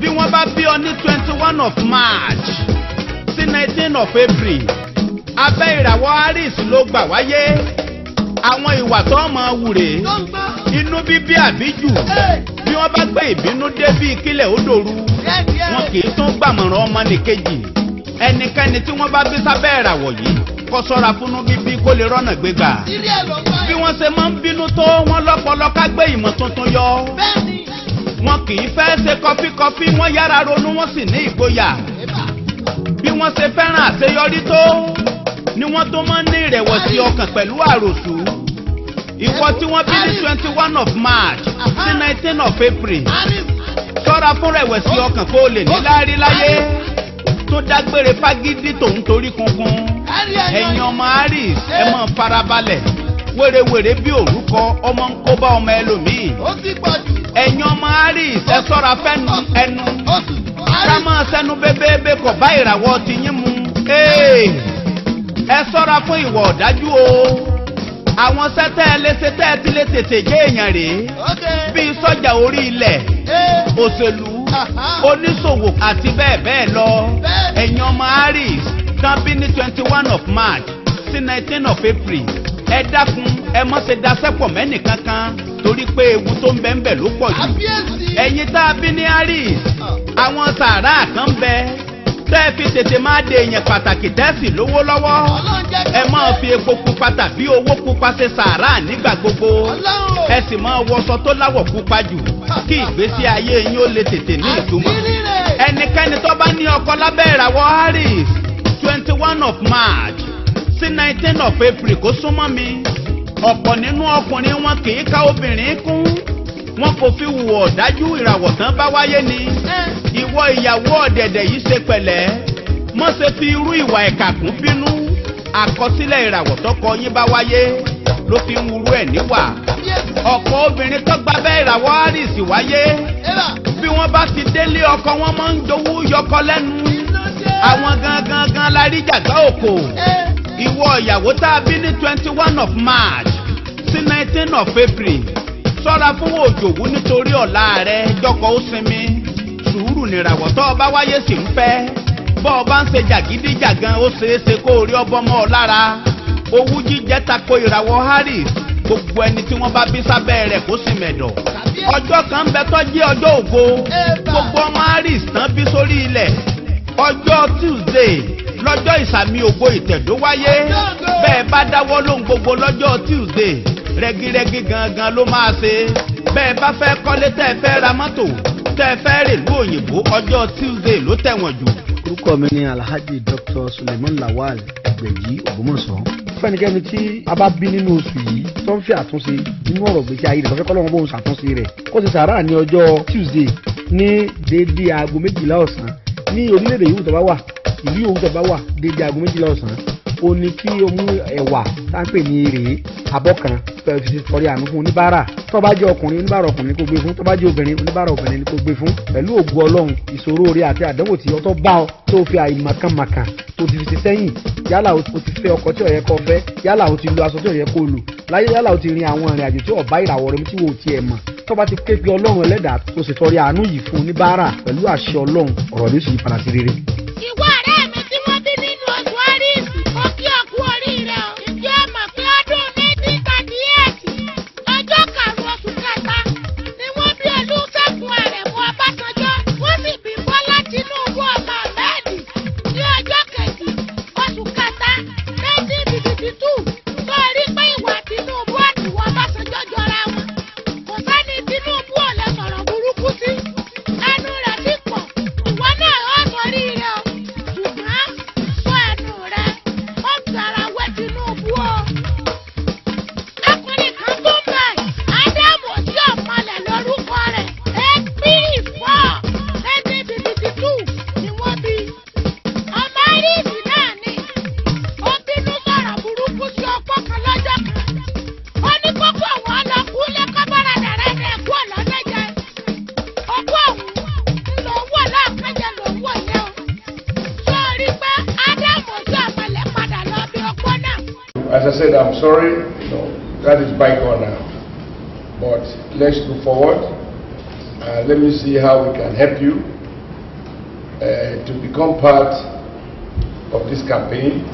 bí wọ́n bá bí ọ ní twenty one of march sí nineteen of april abẹ́ ìràwọ̀ aries ló gbà wáyé àwọn ìwà tó ọmọ wùrè inú bíbí àbíjù bí wọ́n bá gbé ìbínú dé bí ìkílẹ̀ ó dòru wọn kì í tún gbàmọ̀ràn ọmọnìkejì ẹnikẹ́ni tí wọ́n bá bí sábẹ́ ìràwọ̀ yìí kó sọ́ra fúnú bíbí kó lè rọ́nà gbégbà bí wọ́n ṣe máa ń bínú tó wọ́n lọ́pọ̀lọ́ ká gbé ìmọ̀ tuntun yọ wọn kì í fẹ́ ṣe kọfíkọfí wọ́n yára ronú wọ́n sì ní ìgboyà bí wọ́n ṣe fẹ́ràn àṣeyọrí tó ni wọ́n tó máa ń ní ìrẹ̀wẹ̀sì ọkàn pẹ̀lú àròsù ìwọ tí wọ́n bí ní twenty one of March sí nineteen of April ṣọ́ra fún rẹ̀wẹ̀sì ọkàn kó o lè ní láárí láyé tó dágbére fagídí tòun torí kunkun ẹ̀yin ọmọ aries ẹ máa farabalẹ̀ wèrèwèrè bí òrúkọ ọmọ ń kó bá ọmọ ẹlòmíì. ó ti pọ̀ jù. ẹ̀yin ọmọ aris ẹ sọ́ra fẹ́nu ẹnu. ká máa sẹ́nu bébébé kò bá ìràwọ̀ ti yín mu. ẹ sọ́ra fún ìwọ̀ ọ̀dájú o àwọn sẹ́tẹ́ ẹlẹ́sẹ̀ tẹ́ ẹ ti lè tètè jẹ́ èèyàn rèé bíi sọ́jà orí ilẹ̀ òṣèlú oníṣòwò àti bẹ́ẹ̀ bẹ́ẹ̀ lọ ẹ̀yin ọmọ aries tán bí ní twenty one of march sí nineteen of april ẹ dákun ẹ mọ́ ṣe daṣẹ́pọ̀ mẹ́nì kankan torí pé ewu tó ń bẹ ń bẹ ló pọ̀ jù ẹ̀yin tá a bí ní aries ah. àwọn sàárà kan bẹ tẹ́ ẹ fi tètè máa de èèyàn pàtàkì tẹ́sì lówó lọ́wọ́ ẹ máa fi epo pupa tàbí owó pupa ṣe sàárà nígbà gbogbo ẹ sì máa wọṣọ tó láwọ̀ pupa jù kí ah. ìgbésí ayé yín ó lè tètè ní ah, ìtumọ̀ ẹnikẹ́ni tó bá ní ọkọ lábẹ́ ìràwọ̀ aries twenty one of march sí nineteen of april kó súnmọ́ mi ọ̀pọ̀ nínú ọkùnrin wọn kì í ká obìnrin kún wọn kò fi hùwà ọ̀dájú ìràwọ̀ tán bá wáyé ni ìwọ ìyàwó ọ̀dẹ̀dẹ̀ yìí ṣe pẹ̀lẹ́ mọ́ ṣe fi irú ìwà ẹ̀ka kún bínú àkọsílẹ̀ ìràwọ̀ tọkọ yín bá wáyé ló fi ń wúru ẹ̀ níwà ọ̀pọ̀ obìnrin tó gba bẹ́ẹ̀ ìràwọ̀ aries wáyé bí wọ́n bá ti délé ọkọ wọn máa ń dowó yọkọ lẹ́nu àwọn gangan gan la rí jàgbá òkò ìwọ ìyàwó tá a bí ní twenty one of March sí nineteen of April ṣọ́ra fún òjòwú nítorí ọ̀la rẹ jọkọ̀ ó sinmi sùúrù nìràwọ̀ tó o bá wáyé sì ń fẹ́ bọ́ ọ bá ń ṣe jàgídíjàgan ó ṣeéṣe kó o rí ọbọ mọ́ ọ lára owú jíjẹ tako ìràwọ̀ Harris gbogbo ẹni tí wọ́n bá bí sábẹ́ rẹ̀ kó sì mẹ̀dọ̀ ọjọ́ kan ń bẹ tọ́jú ọjọ́ ògo gbogbo ọmọ Harris tán bí sórí ilẹ̀ ọjọ́ Tuesday lọ́jọ́ ìsàmì ògo ìtẹ̀dó wáyé bẹ́ẹ̀ bá dáwọ́ lóhun gbogbo lọ́jọ́ tuesday rẹ́gírẹ́gí gangan ló máa ṣe bẹ́ẹ̀ bá fẹ́ kọ́lé tẹ́ fẹ́ ra mọ́tò tẹ́ fẹ́ rèlú òyìnbó ọjọ́ tuesday ló tẹ̀wọ̀n jù. orúkọ mi ni alhaji dr suleiman lawal ẹgbẹ̀jì ògbómọ̀ṣọ́. fẹ́nikẹ́ni tí a bá bí nínú oṣù yìí tó ń fi àtúnṣe nínú ọ̀rọ̀ gbèsè ayé rẹ̀ lọ́fẹ́ kọ́lọ́wọ́n bóun ṣàtúnṣe rẹ̀ kó ti sàárà ní tuesday ní déédéé aago méjìlá ọ̀sán ní orílẹ̀-èdè yìí tó bá wà ìlú yòówù tó bá wà dédé aago méjìlá ọ̀sán o ní kí o mú ẹ̀wà tá ń pè ní èrè abọ́ kan fi sọrí àánú fún oníbàárà tó bá jẹ́ ọkùnrin oníbàárà ọkùnrin kò gbé fún tó bá jẹ́ obìnrin oníbàárà obìnrin kò gbé fún pẹ̀lú ògùn ọlọ́run ìṣòro rẹ àti àdánwò tí ọtọ́ bá ọ tó fi àìmọ̀kànmọ̀kàn tó ti fi ti sẹ́yìn yálà o ti fẹ́ ọkọ tí ó yẹ kó fẹ́ yálà o ti lo aṣọ tí ó yẹ kó lò láyé yálà o ti rin àwọn ìrìn àjò tí ó bá ìràwọ̀ rẹ tí wò ó tiẹ̀ mọ̀ tó bá ti képe ọlọ́run ẹlẹ́dàá tó sì tọrẹ àánú yìí fún oníbàárà pẹ̀lú àṣẹ ọlọ́run ọ̀rọ̀ ló sì yí padà sí rere. ìwọ rẹ As I said, I'm sorry, you know, that is bygone now. But let's move forward. Uh, let me see how we can help you uh, to become part of this campaign.